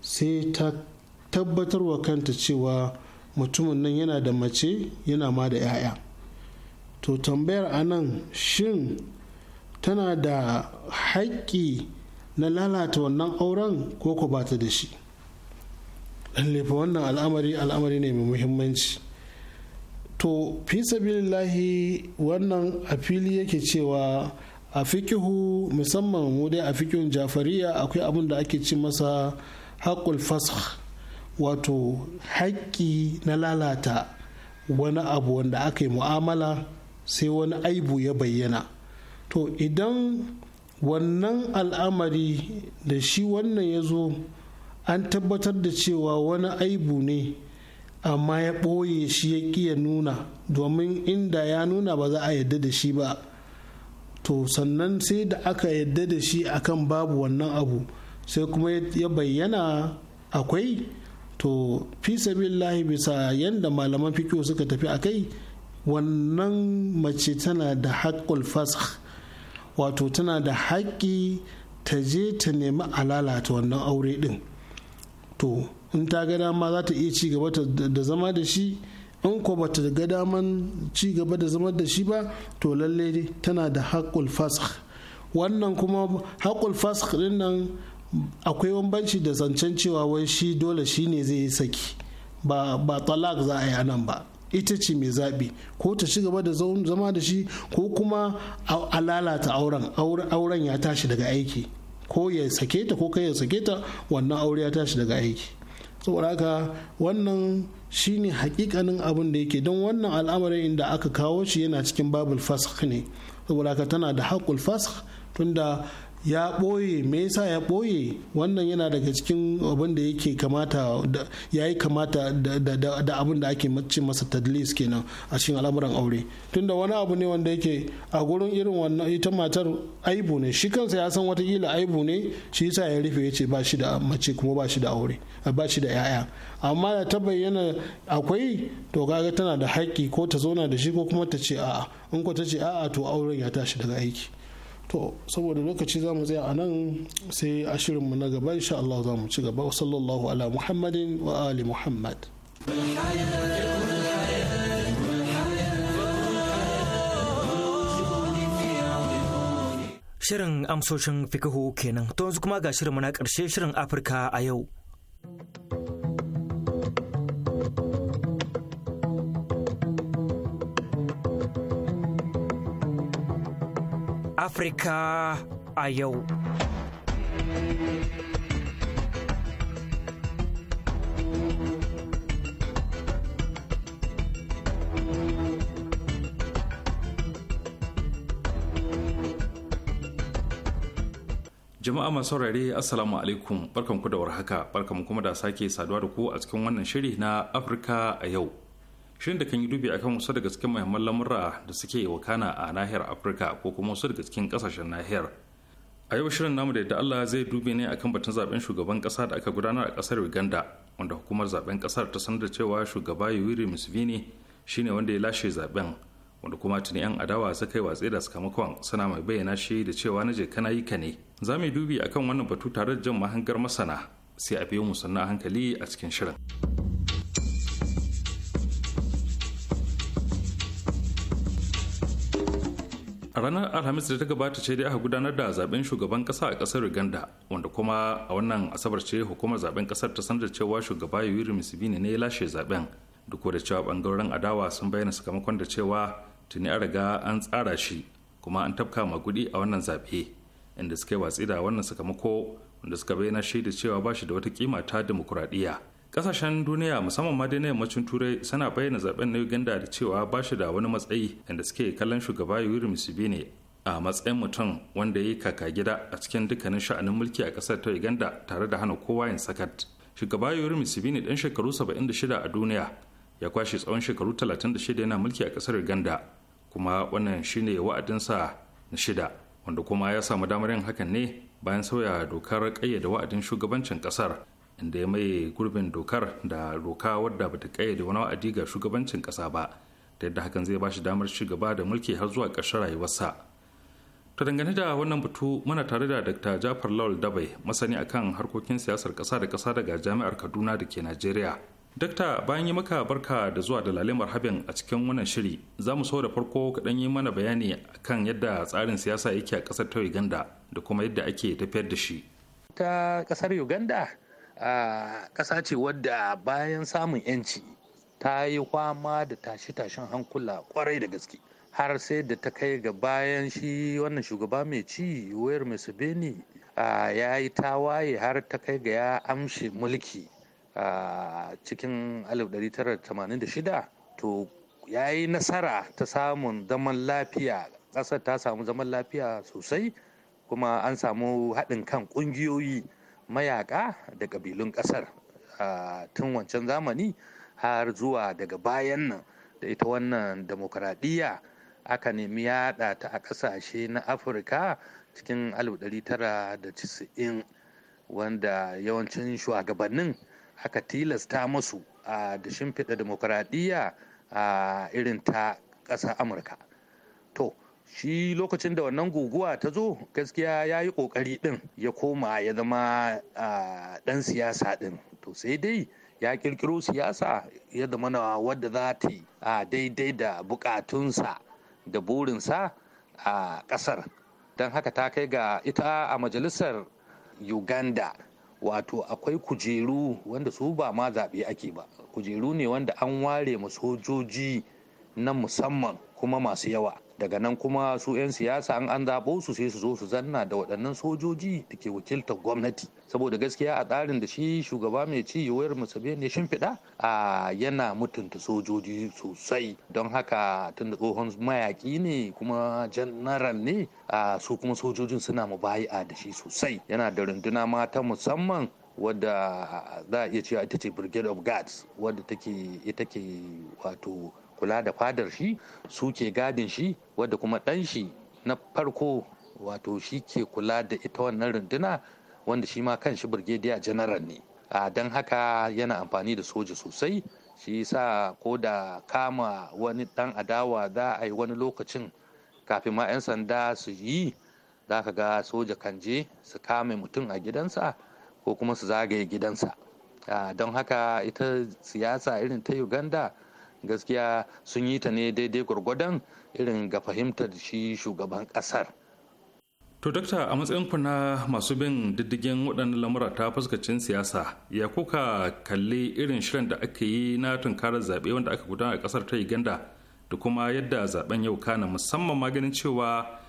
sai ta tabbatarwa kanta cewa mutumin nan yana da mace yana ma da 'ya'ya to tambayar a nan shin tana da haƙƙi na lalata wannan auren ko ko bata da shi lallefa wannan al'amari al'amari ne mai muhimmanci to fi sabilillahi wannan a fili yake cewa a fikihu musamman mu dai a fikihun jafariya akwai abin da ake ci masa haƙul fasakh wato haƙƙi na lalata wani abu wanda aka yi mu'amala sai wani aibu ya bayyana to idan wannan al'amari da shi wannan ya zo an tabbatar da cewa wani aibu ne amma ya ɓoye shi ya ƙi ya nuna domin inda ya nuna ba za a yadda da shi ba to sannan sai da aka yadda da shi akan babu wannan abu sai kuma ya bayyana akwai to fi sabillahi bisa yadda malaman fikiyo suka tafi a kai wannan mace tana da haƙƙul fasakh wato tana da haƙƙi ta je ta nemi ta wannan aure ɗin to in ta ga dama za ta iya ci gaba da zama da shi in ko bata ga daman ci gaba da zama da shi ba to lalle tana da haƙul fasakh wannan kuma haƙul fasakh din nan akwai bambanci da zancen cewa wai shi dole shi ne zai yi saki ba ba za a yi anan ba ita ce mai zaɓi ko ta ci gaba da zama da shi ko kuma a lalata auren auren ya tashi daga aiki ko ya sake ta ko kai ya sake ta wannan aure ya tashi daga aiki saboda haka wannan shine hakikanin abin da yake don wannan al'amarin inda aka kawo shi yana cikin babul fasakh ne saboda haka tana da haƙul fasakh tunda ya ɓoye me yasa ya ɓoye wannan yana daga cikin abin da yake kamata ya yi kamata da abin da ake mace masa tadlis kenan a cikin al'amuran aure tunda wani abu ne wanda yake a gurin irin wannan ita matar aibu ne shi kansa ya san watakila aibu ne shi yasa ya rufe ya ce ba shi da mace kuma ba shi da aure ba shi da 'ya'ya amma da ta bayyana akwai to kaga tana da haƙƙi ko ta zauna da shi ko kuma ta ce a'a in ko ta ce a'a to auren ya tashi daga aiki to saboda lokaci za mu tsaya a nan sai a shirinmu na gaba insha Allah za mu ci gaba wa sallallahu ala muhammadin wa ali muhammad Shirin amsoshin fikihu kenan, to yanzu kuma ga shirin na karshe shirin Afirka a yau. Afirka a yau. Jama'a masu saurare Assalamu alaikum ku da warhaka barkan kuma da sake saduwa da ku a cikin wannan shiri na Afirka a yau. Shirin da kan yi dubi akan wasu daga cikin muhimman lamura da suke wakana a nahiyar Afirka ko kuma wasu daga cikin kasashen nahiyar. A yau shirin namu da yadda Allah zai dubi ne akan batun zaben shugaban kasa da aka gudanar a kasar Uganda wanda hukumar zaben kasar ta sanar da cewa shugaba Yoweri Museveni shine wanda ya lashe zaben. wanda kuma tuni 'yan adawa su kai watsi da sakamakon suna mai bayyana shi da cewa na je kana yi ka ne za mu dubi akan wannan batu tare da jan mahangar masana sai a biyo mu sannan hankali a cikin shirin. a ranar alhamis da ta gabata ce dai aka gudanar da zaben shugaban kasa a kasar uganda wanda kuma a wannan asabar ce hukumar zaben kasar ta sanar da cewa shugaba yuri musibini ne ya lashe zaben duk da cewa bangaren adawa sun bayyana sakamakon da cewa tuni an riga an tsara shi kuma an tafka ma kudi a wannan zaɓe inda suka yi watsi da wannan sakamako wanda suka bayyana shi da cewa ba shi da wata kima ta demokuraɗiyya kasashen duniya musamman ma na yammacin turai suna bayyana zaben na uganda da cewa ba shi da wani matsayi inda suke kallon shugaba yuri ne a matsayin mutum wanda ya yi kaka gida a cikin dukkanin sha'anin mulki a ƙasar ta uganda tare da hana kowa yin sakat shugaba yuri ne ɗan shekaru 76 a duniya ya kwashe tsawon shekaru 36 yana mulki a ƙasar uganda kuma wannan shine wa'adinsa na shida wanda kuma ya samu damar yin hakan ne bayan sauya dokar kayyade wa'adin shugabancin kasar inda ya mai gurbin dokar da doka wadda bata kayyade wani wa'adi ga shugabancin kasa ba ta yadda hakan zai bashi damar ci gaba da mulki har zuwa ƙarshen rayuwarsa ta dangane da wannan batu muna tare da dr jafar lawal dabai masani akan harkokin siyasar ƙasa da ƙasa daga jami'ar kaduna da ke najeriya Dokta bayan yi maka barka da zuwa da lalimar habin a cikin wannan shiri za mu so da farko kaɗan yi mana bayani kan yadda tsarin siyasa yake a ƙasar ta uganda da kuma yadda ake tafiyar da shi ta ƙasar uganda a ƙasa ce wadda bayan samun yanci ta yi kwama da tashe-tashen hankula kwarai da gaske har sai da ta kai ga bayan shi wannan shugaba mai ci wayar museveni ya yi tawaye har ta kai ga ya amshi mulki a cikin 1986 to ya yi nasara ta samun zaman lafiya ƙasar ta samu zaman lafiya sosai kuma an samu haɗin kan ƙungiyoyi mayaƙa da ƙabilun ƙasar tun wancan zamani har zuwa daga bayan nan da ita wannan demokaradiyya aka nemi yaɗa ta a ƙasashe na afirka cikin 1990 wanda yawancin shugabannin aka tilasta musu da shimfiɗa demokuraɗiyya a irin ta ƙasa amurka to shi lokacin da wannan guguwa ta zo gaskiya ya yi ƙoƙari ɗin ya koma ya zama ɗan siyasa ɗin to sai dai ya ƙirƙiro siyasa ya zama na wadda za ta yi daidai da buƙatunsa da burinsa a ƙasar don haka ta kai ga ita a majalisar uganda wato akwai kujeru wanda su ba ma zaɓe ake ba kujeru ne wanda an ware ma sojoji na musamman kuma masu yawa daga nan kuma su 'yan siyasa an an zaɓo su sai su zo su zanna da waɗannan sojoji da ke wakiltar gwamnati saboda gaskiya a tsarin da shi shugaba mai ci yawar musabe ne shimfiɗa a yana mutunta sojoji sosai don haka tun da tsohon mayaƙi ne kuma janaral ne a su kuma sojojin suna mubayi'a da shi sosai yana da runduna mata musamman wadda za a iya cewa ita ce brigade of guards wadda take ita ke wato kula da fadar shi su ke gadin shi wadda kuma ɗan shi na farko wato shi ke kula da ita wannan runduna wanda shi ma kan shi birgediya janaral ne a don haka yana amfani da soja sosai shi sa ko da kama wani ɗan adawa za a yi wani lokacin kafin ma 'yan sanda su yi za ka ga soja kan je su kame mutum a gidansa ko kuma su zagaye gidansa don haka ita siyasa irin ta uganda gaskiya sun yi ta ne daidai gwargwadon irin ga fahimtar shi shugaban kasar. To dokta a matsayinku na masu bin diddigin waɗannan lamura ta fuskacin siyasa ya kuka kalli irin shirin da aka yi na tunkarar zaɓe wanda aka gudana a ƙasar ta Uganda da kuma yadda zaɓen yau kana musamman maganin cewa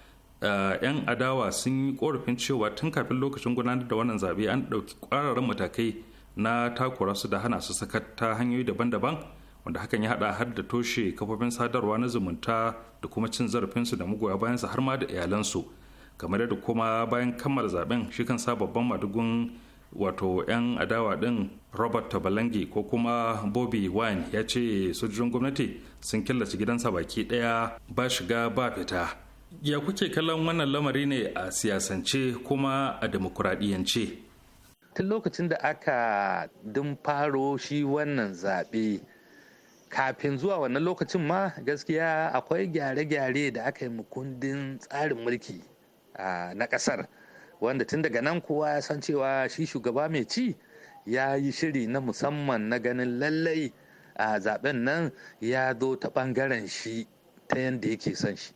eh, 'yan adawa sun yi korafin cewa tun kafin lokacin gudanar da wannan zaɓe an ɗauki ƙwararren matakai na takura su da hana su sakat ta hanyoyi daban-daban wanda hakan ya hada har da toshe kafofin sadarwa na zumunta da kuma cin zarafinsu da muguwa bayan har ma da iyalansu kamar yadda kuma bayan kammala zaben shi kan sa babban madugun wato 'yan adawa din robert tabalangi ko kuma bobby wine ya ce sojojin gwamnati sun killace gidansa baki daya ba shiga ba fita ya kuke kallon wannan lamari ne a siyasance kuma a demokuraɗiyance tun lokacin da aka dun faro shi wannan zaɓe kafin zuwa wannan lokacin ma gaskiya akwai gyare-gyare da aka yi mukundin kundin tsarin mulki na ƙasar wanda tun daga nan kowa ya san cewa shi shugaba mai ci ya yi shiri na musamman na ganin lallai a zaben nan ya zo ta ɓangaren shi ta yadda yake son shi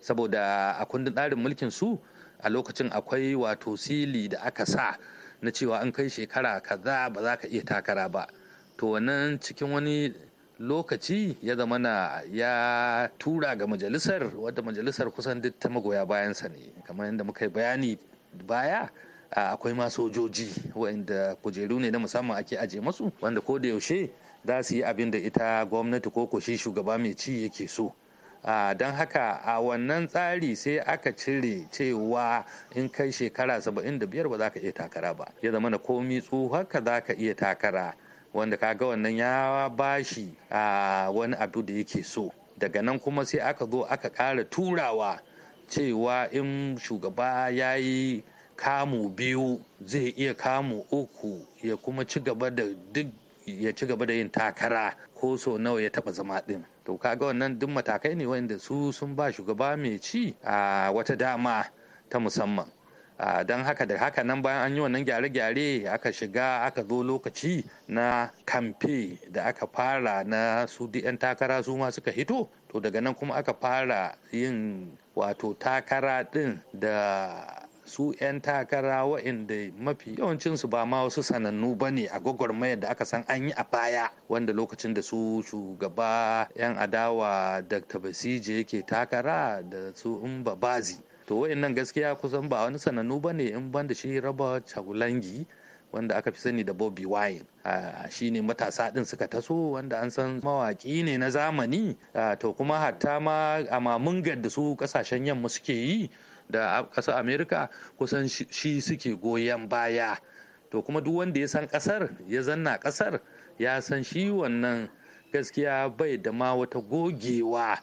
saboda a kundin tsarin mulkin su a lokacin akwai wato sili da aka sa na cewa in kai shekara kaza ba za ka iya takara ba to wannan cikin wani lokaci ya zama na ya tura ga majalisar wadda majalisar kusan duk ta magoya bayansa ne kamar yadda muka yi bayani baya akwai ma sojoji wa'inda kujeru ne na musamman ake aje masu wanda ko da yaushe za su yi abin da ita gwamnati ko ko shi shugaba mai ci yake so don haka a wannan tsari sai aka cire cewa in kai shekara 75 ba za ka iya takara ba ya zama na komi ka za ka iya takara wanda kaga wannan ya bashi a wani abu da yake so daga nan kuma sai aka zo aka ƙara turawa cewa in shugaba ya yi kamu biyu zai iya kamu uku ya kuma ci gaba da duk ya ci gaba da yin takara ko so nawa ya taba zama din to kaga wannan duk matakai ne wanda su sun ba shugaba mai ci a wata dama ta musamman don haka da haka nan bayan an yi wannan gyare-gyare aka shiga aka zo lokaci na kamfe da aka fara na su 'yan takara su ma suka hito to daga nan kuma aka fara yin wato takara ɗin da su 'yan takara waɗanda mafi yawancinsu ba ma wasu sanannu ba ne a gwagwarmayar da aka san an yi a baya wanda lokacin da su shugaba 'yan adawa dr basije yake takara da su umba bazi to wa'annan gaskiya kusan ba wani sanannu ba ne in banda shi raba cagulangi wanda aka fi sani da Bobby Wine shi ne matasa ɗin suka taso wanda an san mawaƙi ne na zamani to kuma hatta ma ga da su ƙasashen yamma suke yi da ƙasar Amerika kusan shi suke goyon baya to kuma duk wanda ya san ƙasar ya zanna ƙasar ya san shi wannan gaskiya bai da ma wata gogewa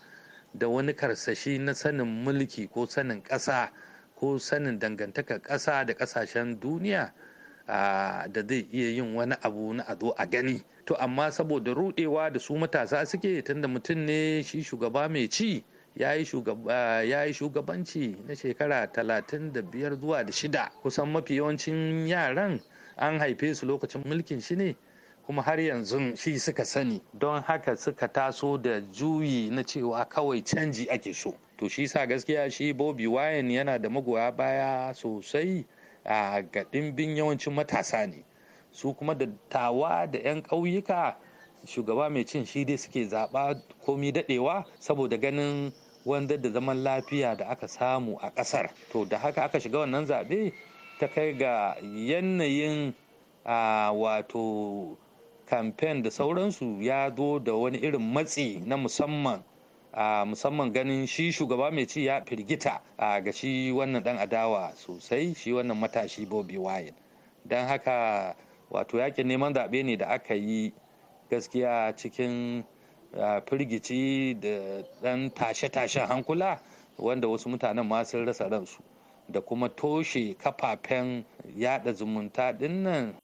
da wani karsashi na sanin mulki ko sanin ƙasa ko sanin dangantakar ƙasa da ƙasashen duniya da zai iya yin wani abu na a a gani to amma saboda rudewa da su matasa suke tunda mutum ne shi shugaba mai ci ya yi shugabanci na shekara talatin da biyar zuwa da shida kusan mafi yawancin yaran an haife su lokacin mulkin shi ne kuma har yanzu shi suka sani don haka suka taso da juyi na cewa kawai canji ake so to shi sa gaskiya shi bobi wayan yana da magoya baya sosai a ga ɗimbin yawancin matasa ne su kuma dattawa da 'yan ƙauyuka shugaba mai cin shi dai suke zaɓa komi daɗewa saboda ganin wanda da zaman lafiya da aka samu a ƙasar to da haka aka shiga wannan zaɓe ta kai ga yanayin wato kamfen da sauransu ya zo da wani irin matsi na musamman a musamman ganin shi shugaba mai ci ya firgita a ga shi wannan dan adawa sosai shi wannan matashi bobi wine don haka wato yakin neman zaɓe ne da aka yi gaskiya cikin firgici da dan tashe-tashen hankula wanda wasu mutanen ma sun rasa ransu da kuma toshe kafafen yada zumunta dinnan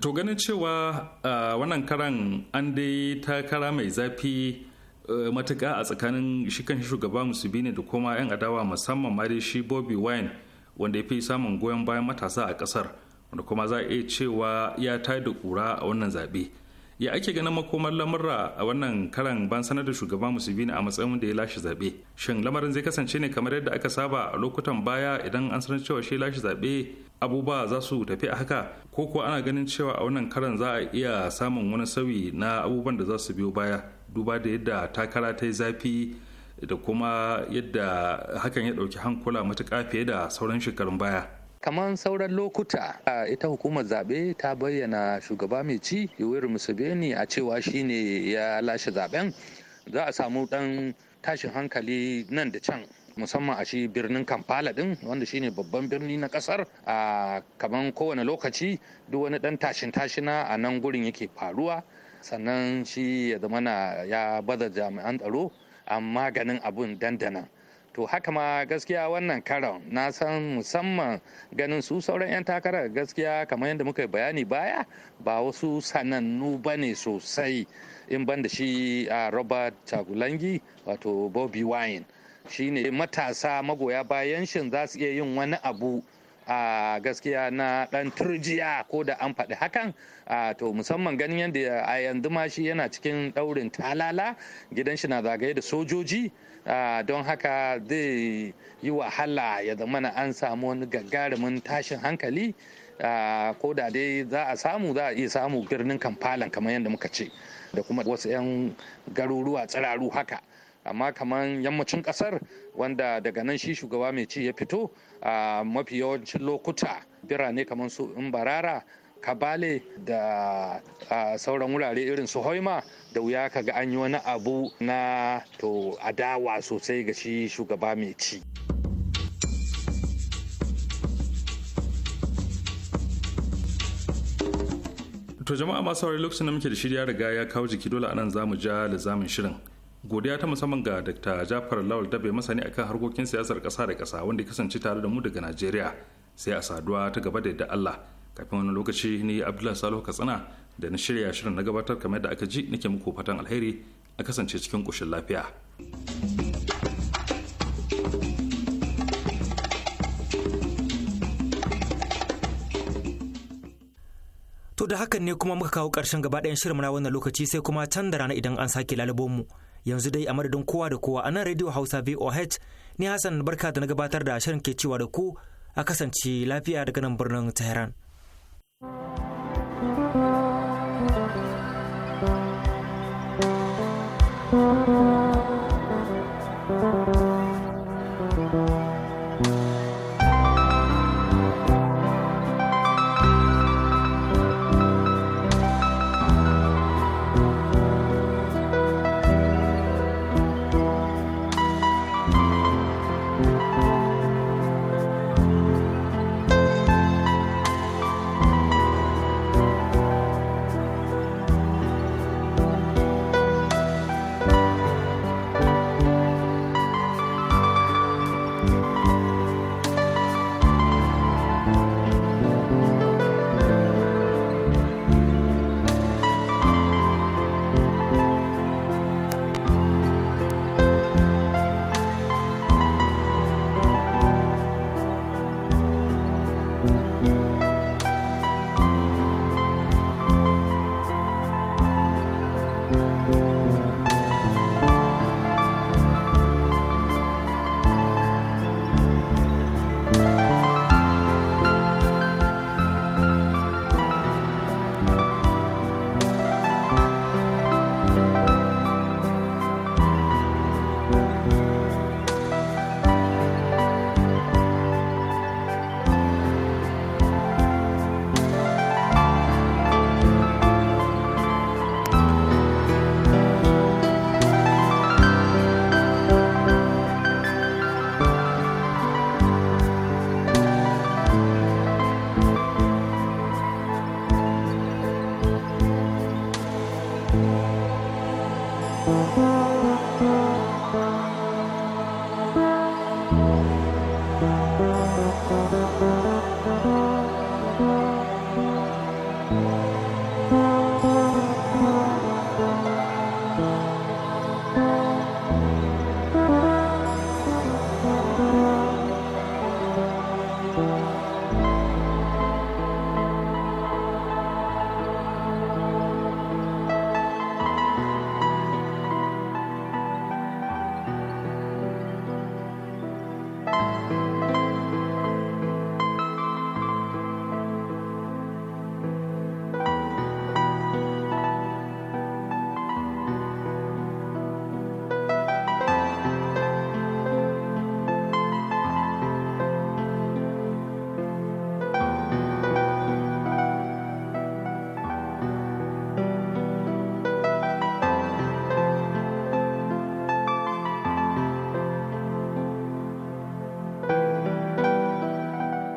to ganin cewa wannan karan an dai takara mai zafi e, matuka a tsakanin shi kan shugaba musubini da kuma 'yan adawa musamman ma dai shi bobby wine wanda ya fi samun goyon bayan matasa a kasar wanda kuma za a iya cewa ya tada ƙura a wannan zaɓe. ya ake ganin makomar lamurra a wannan karan ban sanar da shugaban musulmi a matsayin da ya lashe zaɓe shin lamarin zai kasance ne kamar yadda aka saba a lokutan baya idan an sanar cewa shi lashe zaɓe abubuwa za su tafi a haka ko kuwa ana ganin cewa a wannan karan za a iya samun wani sauyi na abubuwan da za su biyo baya duba da yadda takara ta yi zafi da kuma yadda hakan ya ɗauki hankula matuƙa fiye da sauran shekarun baya kamar sauran lokuta ita hukumar zaɓe ta bayyana shugaba mai ci yoweri museveni a cewa shine ya lashe zaben za a samu ɗan tashin hankali nan da can musamman a shi birnin kampala din wanda shine babban birni na kasar a kamar kowane lokaci duk wani ɗan tashin tashina a nan gurin yake faruwa sannan shi ya zama na ya baza jami'an tsaro amma maganin abun dandana to haka ma gaskiya wannan karon na san musamman ganin su sauran 'yan takarar gaskiya kamar yadda muka bayani baya ba wasu sanannu ba ne sosai in ban da shi a robert chagulangi wato bobby wine shine matasa magoya bayan shin za su iya yin wani abu a gaskiya na dan turjiya ko da an faɗi hakan A to musamman ganin yadda a yanzu ma shi yana cikin ɗaurin talala gidan shi na zagaye da sojoji Ah, don haka zai yi wahala ya zamana an samu wani gagarumin tashin hankali ah, ko da dai za a samu za a iya samu birnin kamfalan kamar yadda muka ce da kuma wasu 'yan garuruwa tsiraru haka amma kamar yammacin kasar wanda daga nan shi shugaba mai ci ya fito a ah, mafi yawancin lokuta birane kamar su in barara kabale da sauran wurare irin su hoima da wuya ka ga an yi wani abu na to adawa sosai ga shi shugaba mai ci. To jama'a masu saurari lokacin da muke da shirya riga ya kawo jiki dole anan zamu ja da zamun shirin. Godiya ta musamman ga Dr. Jafar Lawal Dabe masani akan harkokin siyasar kasa da kasa wanda kasance tare da mu daga Najeriya. Sai a saduwa ta gaba da yadda Allah. kafin wani lokaci ni abdullahi salihu katsina da na shirya shirin na gabatar kamar da aka ji nake muku fatan alheri a kasance cikin kushin lafiya. To da hakan ne kuma muka kawo ƙarshen gaba ɗayan shirin na wannan lokaci sai kuma can da rana idan an sake lalubon mu. Yanzu dai a madadin kowa da kowa a nan Radio Hausa VOH ni Hassan barka da na gabatar da shirin ke cewa da ku a kasance lafiya daga nan birnin Tehran. Bye.